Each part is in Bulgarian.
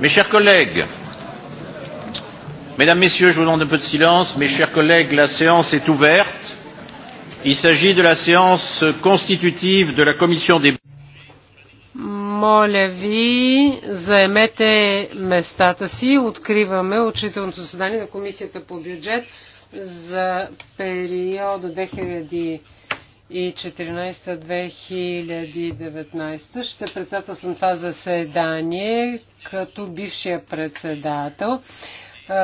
Mes chers collègues, Mesdames, Messieurs, je vous demande un peu de silence. Mes chers collègues, la séance est ouverte. Il s'agit de la séance constitutive de la Commission des... Моля ви, заемете местата си. Откриваме учителното заседание на Комисията по бюджет за периода 2019 Ще председателствам това заседание като бившия председател.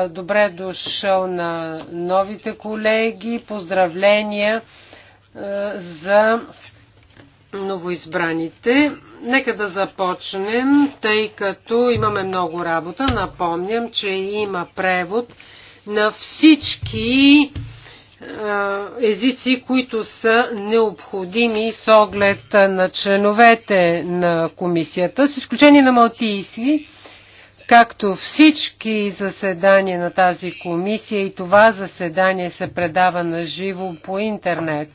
Добре дошъл на новите колеги. Поздравления за новоизбраните. Нека да започнем, тъй като имаме много работа. Напомням, че има превод на всички е, езици, които са необходими с оглед на членовете на комисията, с изключение на малтийски, както всички заседания на тази комисия и това заседание се предава на живо по интернет.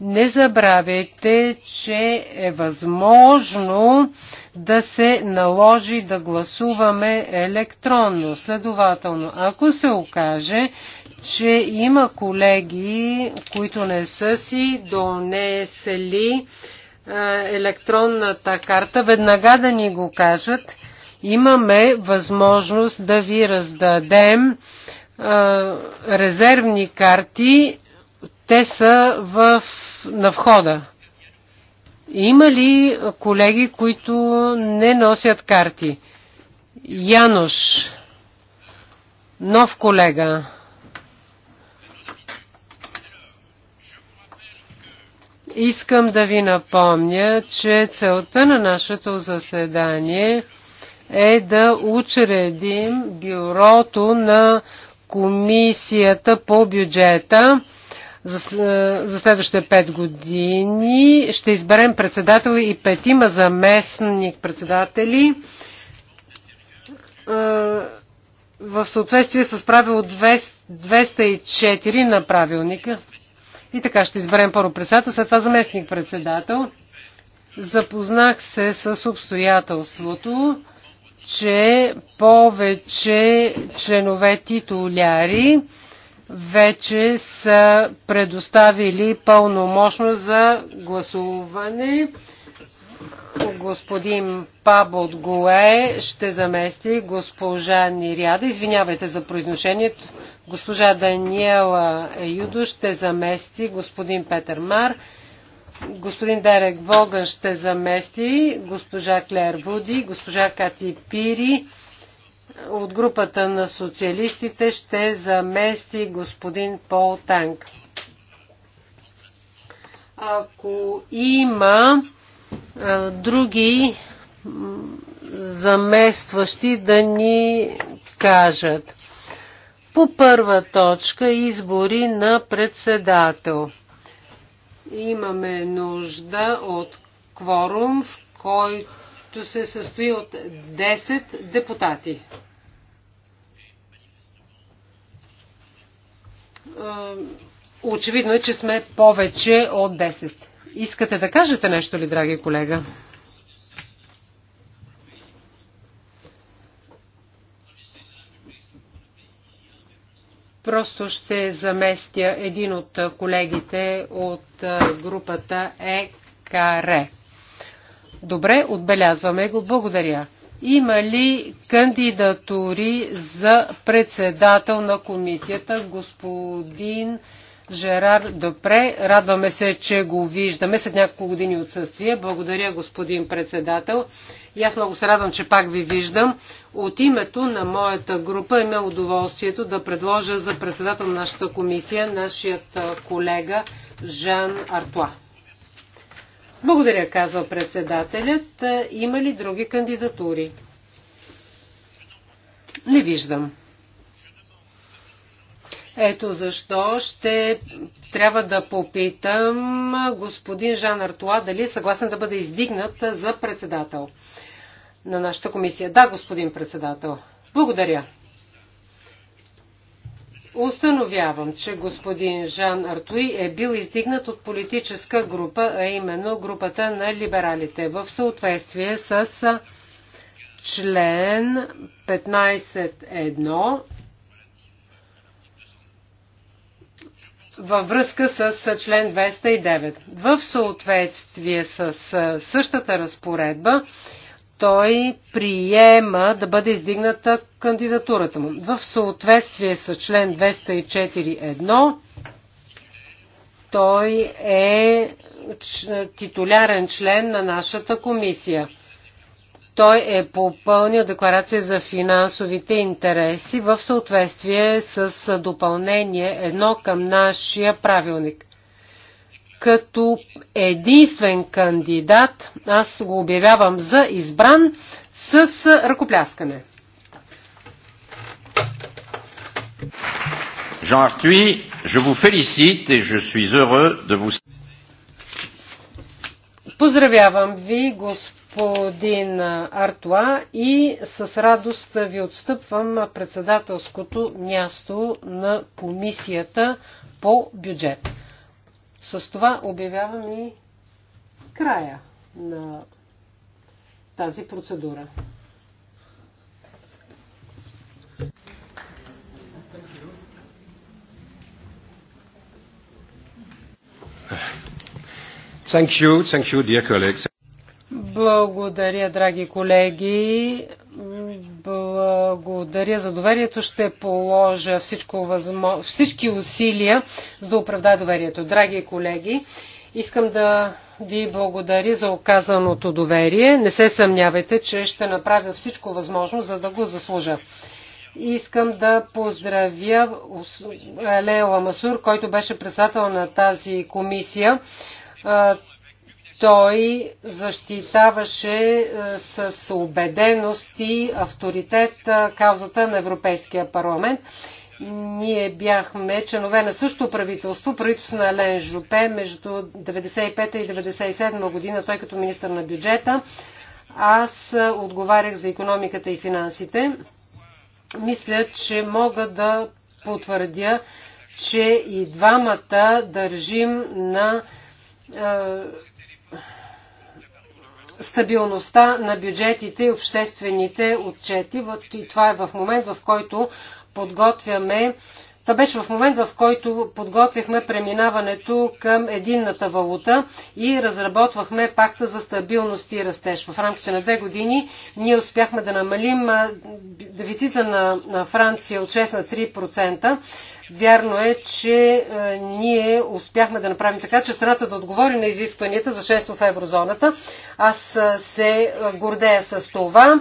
Не забравяйте, че е възможно да се наложи да гласуваме електронно. Следователно, ако се окаже, че има колеги, които не са си донесели е, електронната карта, веднага да ни го кажат. Имаме възможност да ви раздадем е, резервни карти. Те са в, на входа. Има ли колеги, които не носят карти? Янош, нов колега. Искам да ви напомня, че целта на нашето заседание е да учредим бюрото на Комисията по бюджета за, за следващите 5 години. Ще изберем председател и петима заместник председатели в съответствие с правило 204 на правилника. И така ще изберем първо председател, след това заместник председател. Запознах се с обстоятелството, че повече членове титуляри вече са предоставили пълномощно за гласуване господин Пабот Гуе ще замести госпожа Ниряда. Извинявайте за произношението. Госпожа Даниела Юдо ще замести господин Петър Мар. Господин Дерек Вога ще замести госпожа Клер Вуди, госпожа Кати Пири. От групата на социалистите ще замести господин Пол Танк. Ако има е, други заместващи да ни кажат. По първа точка избори на председател. Имаме нужда от кворум, в който се състои от 10 депутати. Е, очевидно е, че сме повече от 10. Искате да кажете нещо ли, драги колега? Просто ще заместя един от колегите от групата ЕКР. Добре, отбелязваме го. Благодаря. Има ли кандидатури за председател на комисията господин Жерар Допре. Радваме се, че го виждаме след няколко години отсъствие. Благодаря, господин председател. И аз много се радвам, че пак ви виждам. От името на моята група има удоволствието да предложа за председател на нашата комисия нашият колега Жан Артуа. Благодаря, казва председателят. Има ли други кандидатури? Не виждам. Ето защо ще трябва да попитам господин Жан Артуа дали е съгласен да бъде издигнат за председател на нашата комисия. Да, господин председател. Благодаря. Установявам, че господин Жан Артуи е бил издигнат от политическа група, а именно групата на либералите, в съответствие с член 15.1 във връзка с член 209. В съответствие с същата разпоредба, той приема да бъде издигната кандидатурата му. В съответствие с член 204.1, той е титулярен член на нашата комисия. Той е попълнил декларация за финансовите интереси в съответствие с допълнение едно към нашия правилник. Като единствен кандидат, аз го обявявам за избран с ръкопляскане. Jean Артуи, je vous félicite et je suis heureux de vous. Поздравявам ви, господин господин Артуа и с радост ви отстъпвам председателското място на комисията по бюджет. С това обявявам и края на тази процедура. Thank you, thank you, dear colleagues. Благодаря, драги колеги. Благодаря за доверието. Ще положа всичко възмо... всички усилия за да оправдая доверието. Драги колеги, искам да ви благодаря за оказаното доверие. Не се съмнявайте, че ще направя всичко възможно, за да го заслужа. Искам да поздравя Елена Масур, който беше председател на тази комисия той защитаваше е, с убеденост и авторитет е, каузата на Европейския парламент. Ние бяхме членове на същото правителство, правителство на Лен Жупе между 1995 и 1997 година, той като министър на бюджета. Аз е, отговарях за економиката и финансите. Мисля, че мога да потвърдя, че и двамата държим на стабилността на бюджетите и обществените отчети. И това е в момент, в който подготвяме това беше в момент, в който подготвихме преминаването към единната валута и разработвахме пакта за стабилност и растеж. В рамките на две години ние успяхме да намалим дефицита на Франция от 6 на 3%. Вярно е, че е, ние успяхме да направим така, че страната да отговори на изискванията за членство в еврозоната. Аз е, се гордея с това.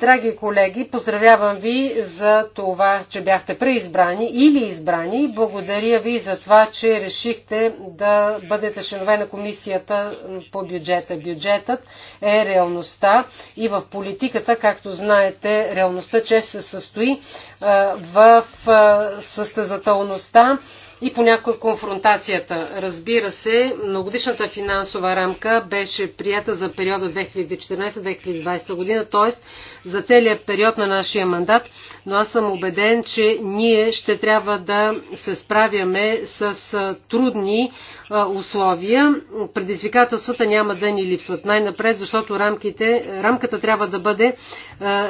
Драги колеги, поздравявам ви за това, че бяхте преизбрани или избрани. Благодаря ви за това, че решихте да бъдете членове на комисията по бюджета. Бюджетът е реалността и в политиката, както знаете, реалността често се състои в състезателността и понякога конфронтацията. Разбира се, многодишната финансова рамка беше прията за периода 2014-2020 година, т.е. за целият период на нашия мандат, но аз съм убеден, че ние ще трябва да се справяме с трудни условия. Предизвикателствата няма да ни липсват. Най-напред, защото рамките, рамката трябва да бъде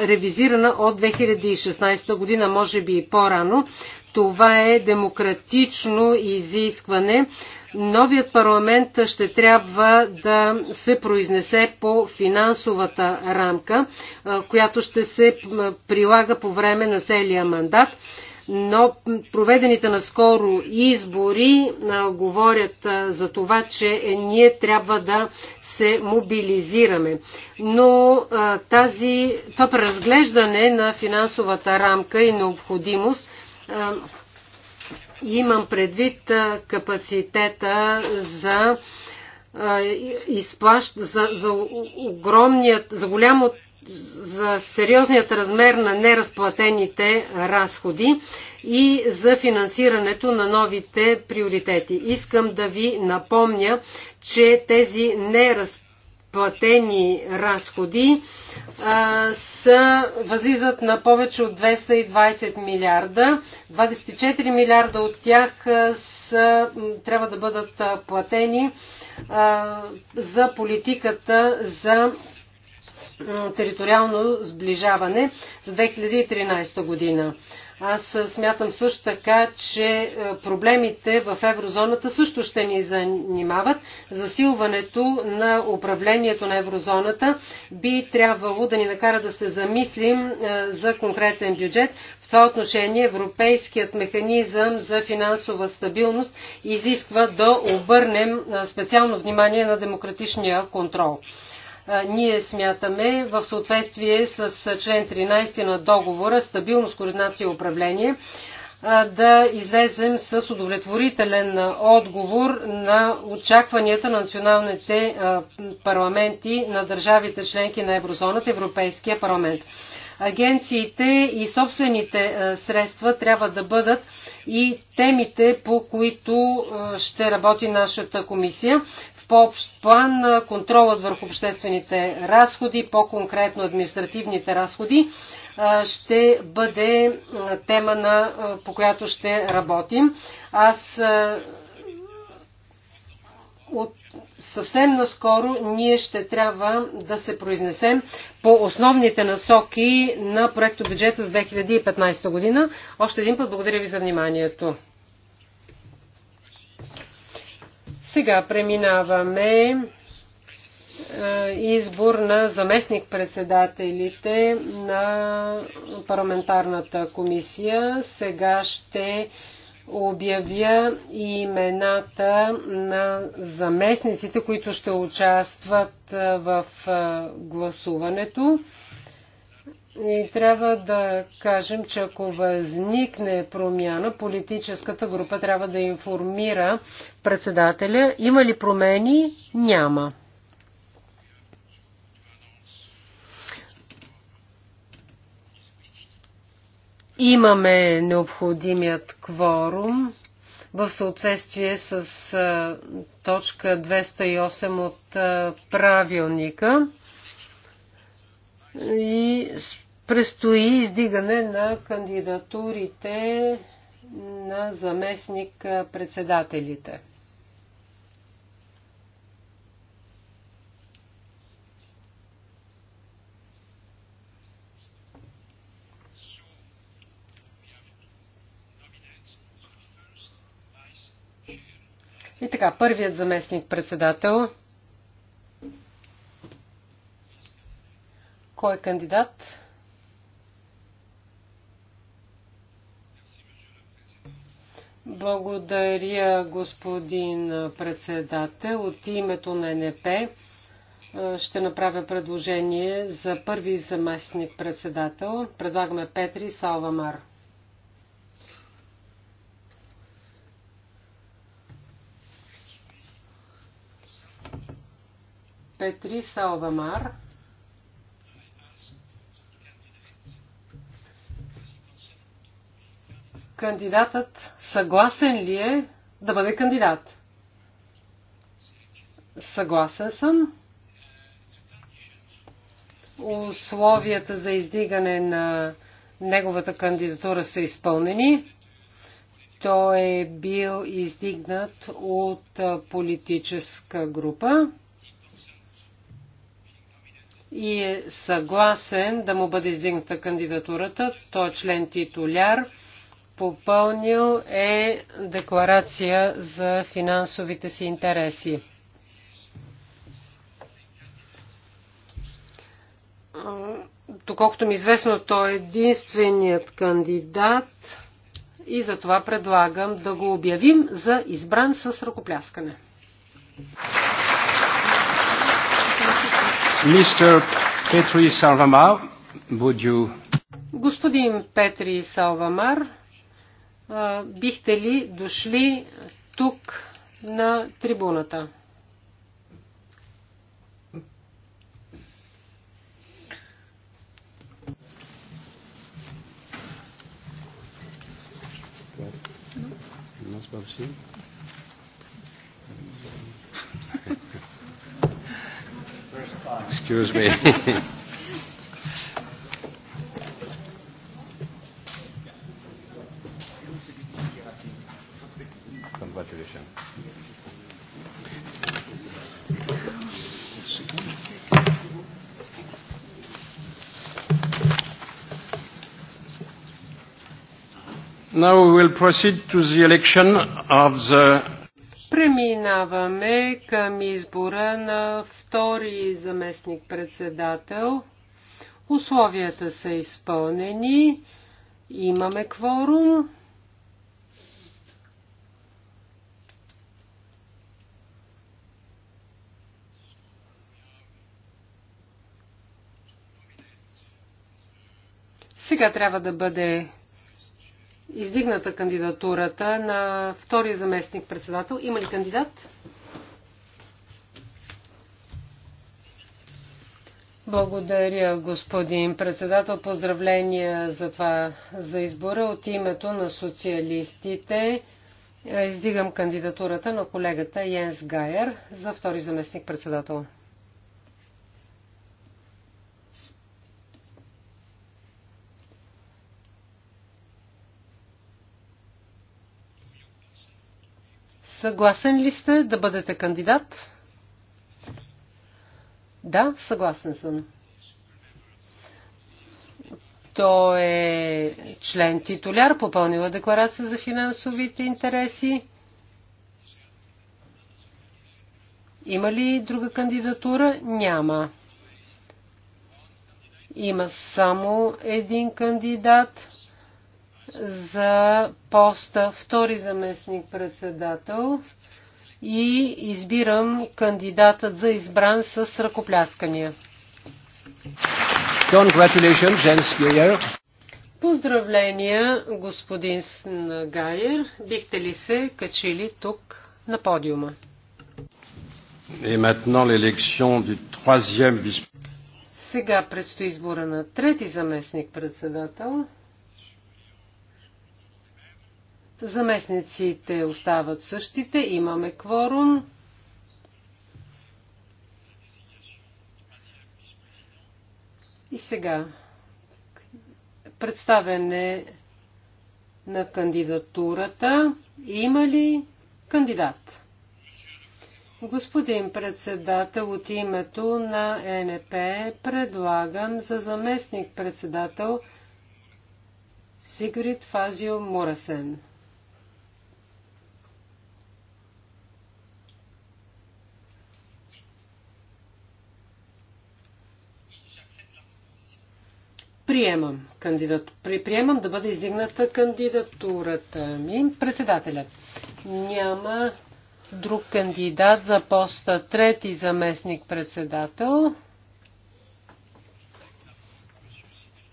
ревизирана от 2016 година, може би и по-рано, това е демократично изискване. Новият парламент ще трябва да се произнесе по финансовата рамка, която ще се прилага по време на целия мандат. Но проведените наскоро избори а, говорят а, за това, че е, ние трябва да се мобилизираме. Но а, тази, това преразглеждане на финансовата рамка и необходимост Имам предвид капацитета за изплащ, за, за огромният, за за сериозният размер на неразплатените разходи и за финансирането на новите приоритети. Искам да ви напомня, че тези неразплатени платени разходи а, са, възлизат на повече от 220 милиарда. 24 милиарда от тях са, трябва да бъдат платени а, за политиката за териториално сближаване за 2013 година. Аз смятам също така, че е, проблемите в еврозоната също ще ни занимават. Засилването на управлението на еврозоната би трябвало да ни накара да се замислим е, за конкретен бюджет. В това отношение Европейският механизъм за финансова стабилност изисква да обърнем е, специално внимание на демократичния контрол ние смятаме в съответствие с член 13 на договора стабилност, координация и управление да излезем с удовлетворителен отговор на очакванията на националните парламенти на държавите членки на еврозоната, Европейския парламент. Агенциите и собствените средства трябва да бъдат и темите, по които ще работи нашата комисия по-общ план, контролът върху обществените разходи, по-конкретно административните разходи, ще бъде тема, на, по която ще работим. Аз от съвсем наскоро ние ще трябва да се произнесем по основните насоки на проекто бюджета с 2015 година. Още един път благодаря ви за вниманието. Сега преминаваме избор на заместник-председателите на парламентарната комисия. Сега ще обявя имената на заместниците, които ще участват в гласуването. И трябва да кажем, че ако възникне промяна, политическата група трябва да информира председателя. Има ли промени? Няма. Имаме необходимият кворум в съответствие с точка 208 от правилника и предстои издигане на кандидатурите на заместник председателите. И така, първият заместник председател Кой е кандидат? Благодаря, господин председател. От името на НП ще направя предложение за първи заместник председател. Предлагаме Петри Салвамар. Петри Салвамар. кандидатът съгласен ли е да бъде кандидат? Съгласен съм. Условията за издигане на неговата кандидатура са изпълнени. Той е бил издигнат от политическа група и е съгласен да му бъде издигната кандидатурата. Той е член титуляр попълнил е декларация за финансовите си интереси. Доколкото ми е известно, той е единственият кандидат и затова предлагам да го обявим за избран с ръкопляскане. Мистер Петри Салвамар, would you... Господин Петри Салвамар, бихте ли дошли тук на трибуната? Merci. Excuse me. Now we will proceed to the election of the Преминаваме към избора на втори заместник-председател. Условията са изпълнени. Имаме кворум. Сега трябва да бъде издигната кандидатурата на втори заместник председател. Има ли кандидат? Благодаря, господин председател. Поздравления за това, за избора от името на социалистите. Е, издигам кандидатурата на колегата Йенс Гайер за втори заместник председател. Съгласен ли сте да бъдете кандидат? Да, съгласен съм. Той е член титуляр, попълнила декларация за финансовите интереси. Има ли друга кандидатура? Няма. Има само един кандидат за поста втори заместник председател и избирам кандидатът за избран с ръкопляскания. Поздравления, господин Гайер. Бихте ли се качили тук на подиума? Сега предстои избора на трети заместник председател. Заместниците остават същите. Имаме кворум. И сега представяне на кандидатурата. Има ли кандидат? Господин председател, от името на е НП предлагам за заместник председател Сигрид Фазио Мурасен. приемам, кандидат, при, приемам да бъде издигната кандидатурата ми. Председателят няма друг кандидат за поста трети заместник председател.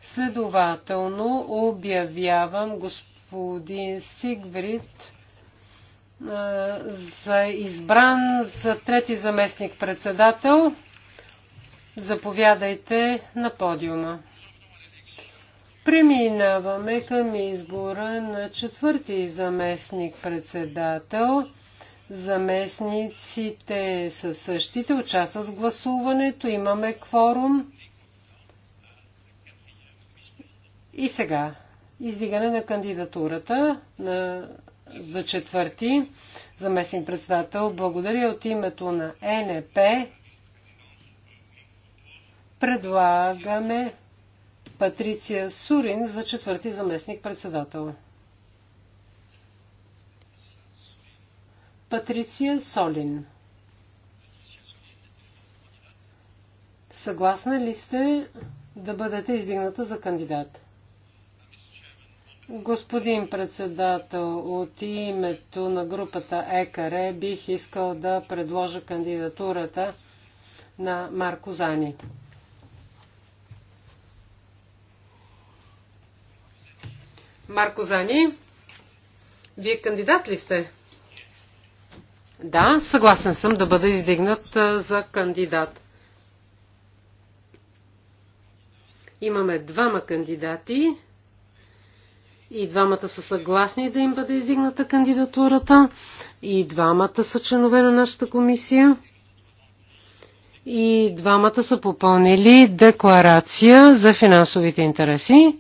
Следователно обявявам господин Сигврид за избран за трети заместник председател. Заповядайте на подиума. Преминаваме към избора на четвърти заместник-председател. Заместниците са същите, участват в гласуването, имаме кворум. И сега, издигане на кандидатурата на, за четвърти заместник председател. Благодаря от името на НП. Предлагаме Патриция Сурин за четвърти заместник председател. Патриция Солин. Съгласна ли сте да бъдете издигната за кандидат? Господин председател, от името на групата ЕКАРЕ бих искал да предложа кандидатурата на Марко Зани. Марко Зани, вие кандидат ли сте? Да, съгласен съм да бъда издигнат за кандидат. Имаме двама кандидати и двамата са съгласни да им бъде издигната кандидатурата и двамата са членове на нашата комисия и двамата са попълнили декларация за финансовите интереси.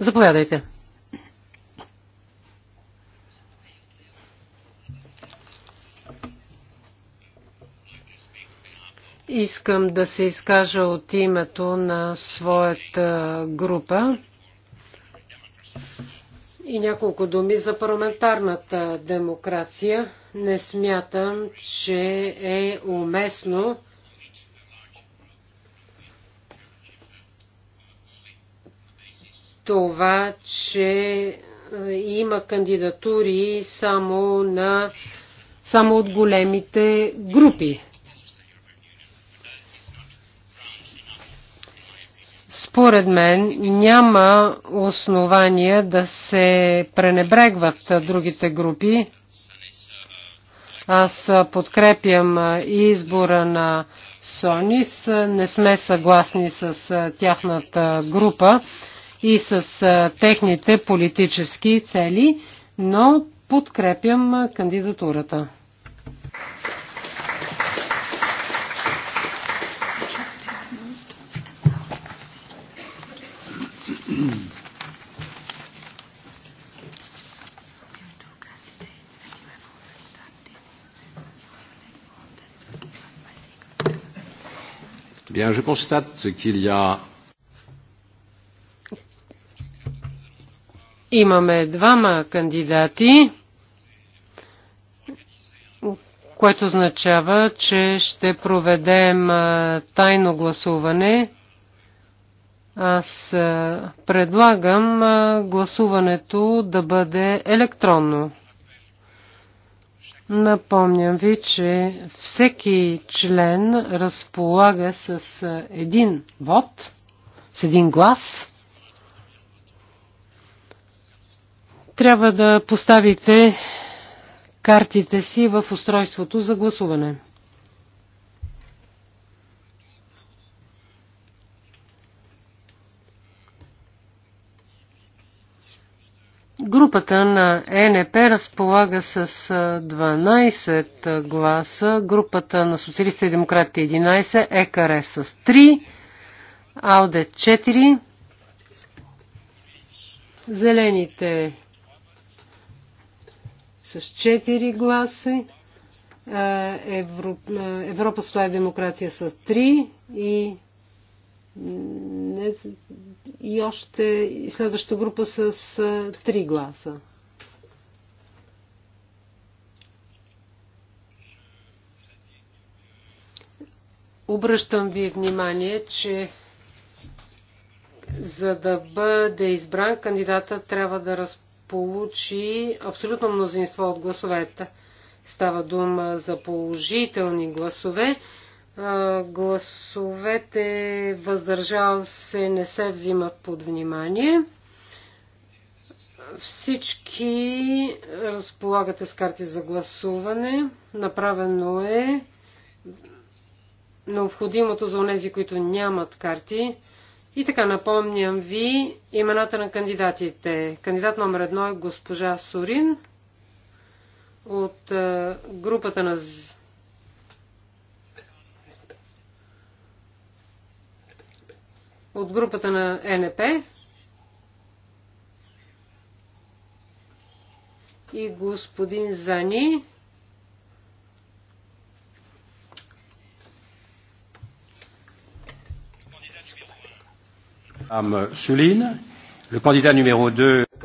Заповядайте. Искам да се изкажа от името на своята група и няколко думи за парламентарната демокрация. Не смятам, че е уместно това, че е, има кандидатури само, на, само от големите групи. Според мен няма основания да се пренебрегват другите групи. Аз подкрепям е, избора на Сонис. Не сме съгласни с е, тяхната група и с техните политически цели, но подкрепям кандидатурата. Bien, je constate qu'il y a Имаме двама кандидати, което означава, че ще проведем тайно гласуване. Аз предлагам гласуването да бъде електронно. Напомням ви, че всеки член разполага с един вод, с един глас. трябва да поставите картите си в устройството за гласуване. Групата на ЕНП разполага с 12 гласа, групата на социалистите и демократи 11, ЕКР е с 3, АЛДЕ 4, Зелените с 4 гласа, Европа, Европа стоя демокрация с 3 и, и още и следващата група с 3 гласа. Обръщам ви внимание, че за да бъде избран кандидата трябва да разполага получи абсолютно мнозинство от гласовете. Става дума за положителни гласове. Гласовете въздържал се не се взимат под внимание. Всички разполагате с карти за гласуване. Направено е необходимото за тези, които нямат карти. И така напомням ви имената на кандидатите. Кандидат номер едно е госпожа Сурин от е, групата на от групата на НП и господин Зани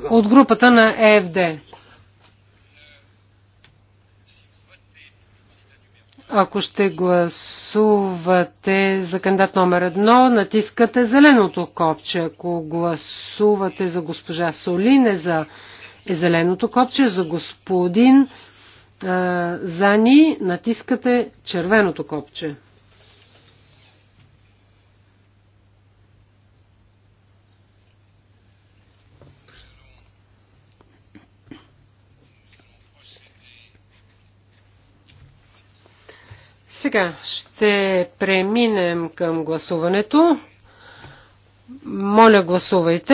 От групата на ЕФД. Ако ще гласувате за кандидат номер едно, натискате зеленото копче. Ако гласувате за госпожа Солин, е за е зеленото копче, за господин Зани натискате червеното копче. Сега ще преминем към гласуването. Моля, гласувайте.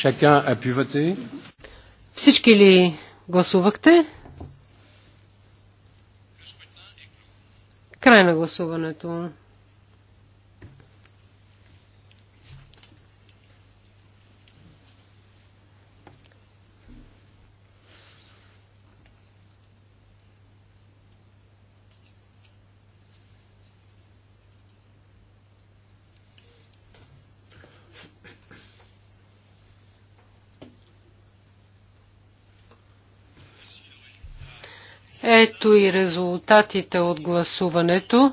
Chacun a pu voter. Всички ли гласувахте? Край на гласуването. както и резултатите от гласуването.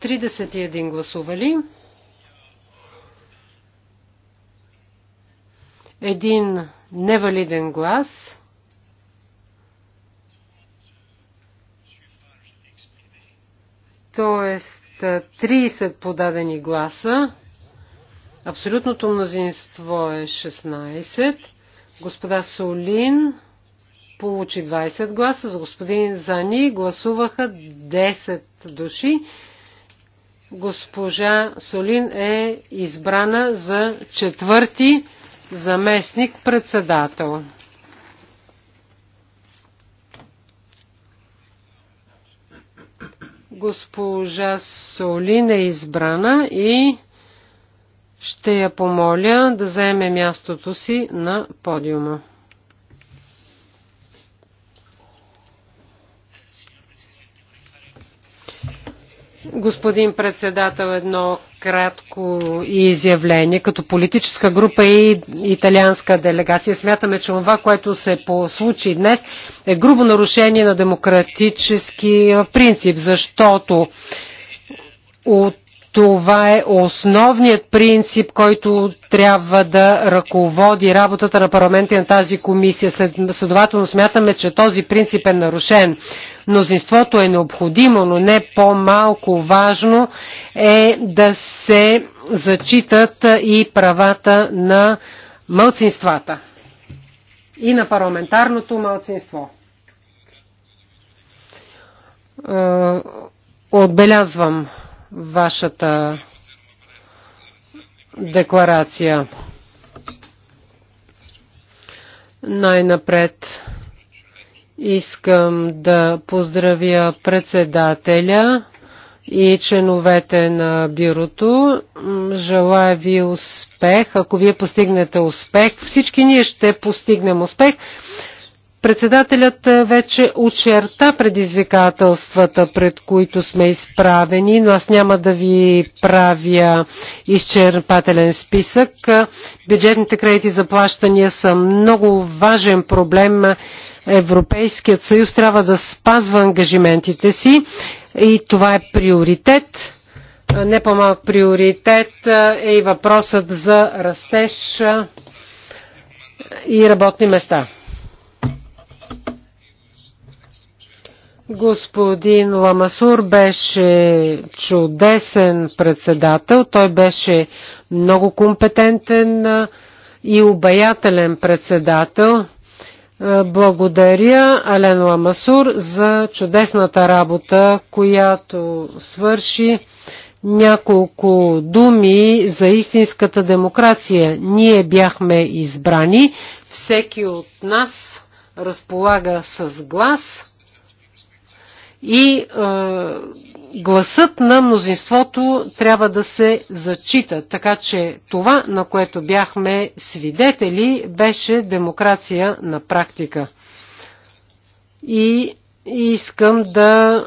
31 гласували. Един невалиден глас. Тоест 30 подадени гласа. Абсолютното мнозинство е 16. Господа Солин получи 20 гласа, с господин Зани гласуваха 10 души. Госпожа Солин е избрана за четвърти заместник председател. Госпожа Солин е избрана и ще я помоля да заеме мястото си на подиума. Господин председател, едно кратко изявление. Като политическа група и италианска делегация смятаме, че това, което се случи днес, е грубо нарушение на демократически принцип, защото от това е основният принцип, който трябва да ръководи работата на парламента и на тази комисия. Следователно смятаме, че този принцип е нарушен мнозинството е необходимо, но не по-малко важно е да се зачитат и правата на мълцинствата и на парламентарното мълцинство. Е, отбелязвам вашата декларация. Най-напред Искам да поздравя председателя и членовете на бюрото. Желая ви успех. Ако вие постигнете успех, всички ние ще постигнем успех. Председателят е, вече очерта предизвикателствата, пред които сме изправени, но аз няма да ви правя изчерпателен списък. Е, бюджетните кредити за плащания са много важен проблем. Европейският съюз трябва да спазва ангажиментите си и това е приоритет. Е, не по-малък приоритет е и въпросът за растеж и работни места. Господин Ламасур беше чудесен председател. Той беше много компетентен и обаятелен председател. Благодаря Ален Ламасур за чудесната работа, която свърши. Няколко думи за истинската демокрация. Ние бяхме избрани, всеки от нас разполага с глас и е, гласът на мнозинството трябва да се зачита. Така че това, на което бяхме свидетели, беше демокрация на практика. И искам да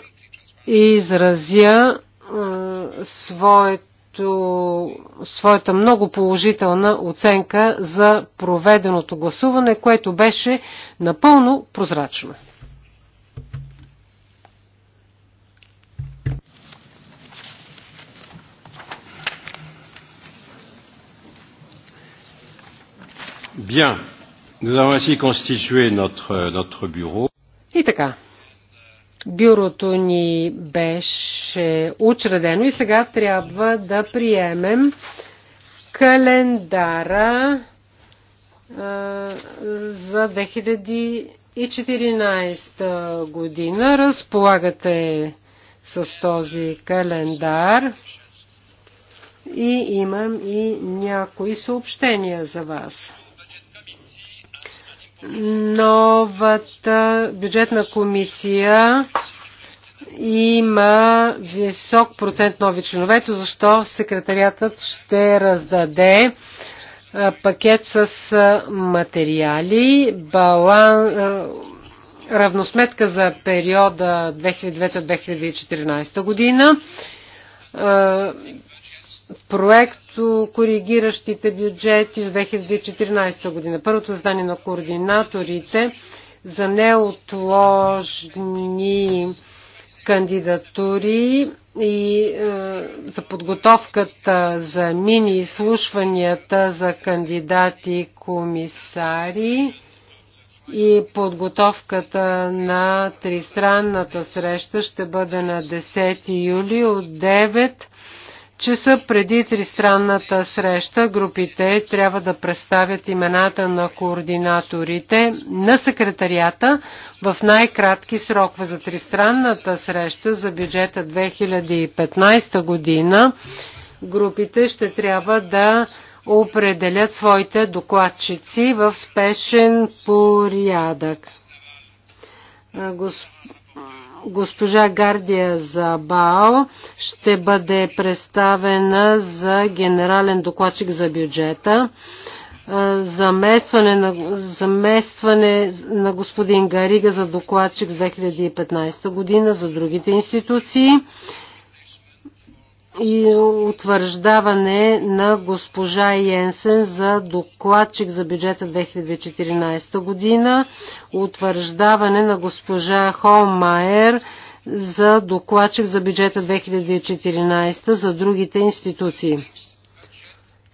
изразя е, своето, своята много положителна оценка за проведеното гласуване, което беше напълно прозрачно. Bien. Nous avons ainsi constitué notre, notre bureau. И така. Бюрото ни беше учредено и сега трябва да приемем календара за 2014 година. Разполагате с този календар и имам и някои съобщения за вас новата бюджетна комисия има висок процент нови членове, защо секретариатът ще раздаде пакет с материали, балан, равносметка за периода 2009-2014 година, проекто коригиращите бюджети за 2014 година. Първото задание на координаторите за неотложни кандидатури и е, за подготовката за мини изслушванията за кандидати комисари и подготовката на тристранната среща ще бъде на 10 юли от 9 часа преди тристранната среща групите трябва да представят имената на координаторите на секретарията в най-кратки срокове за тристранната среща за бюджета 2015 година. Групите ще трябва да определят своите докладчици в спешен порядък. Госп госпожа Гардия Забао ще бъде представена за генерален докладчик за бюджета. Е, заместване на, заместване на господин Гарига за докладчик 2015 година за другите институции и утвърждаване на госпожа Йенсен за докладчик за бюджета 2014 година, утвърждаване на госпожа Холмайер за докладчик за бюджета 2014 за другите институции.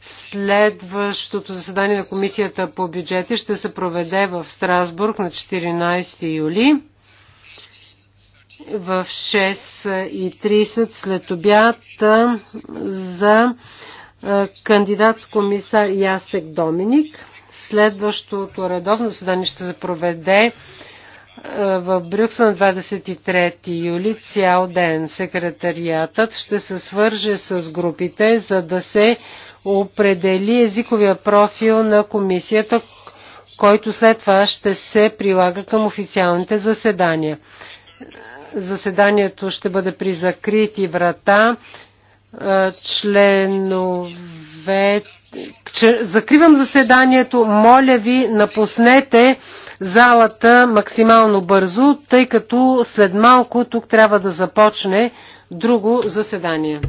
Следващото заседание на Комисията по бюджети ще се проведе в Страсбург на 14 юли в 6.30 след обяд за кандидат с комисар Ясек Доминик. Следващото редовно заседание ще се проведе в Брюксел на 23 юли цял ден. Секретариатът ще се свърже с групите, за да се определи езиковия профил на комисията, който след това ще се прилага към официалните заседания. Заседанието ще бъде при закрити врата. Членове... Закривам заседанието. Моля ви, напуснете залата максимално бързо, тъй като след малко тук трябва да започне друго заседание.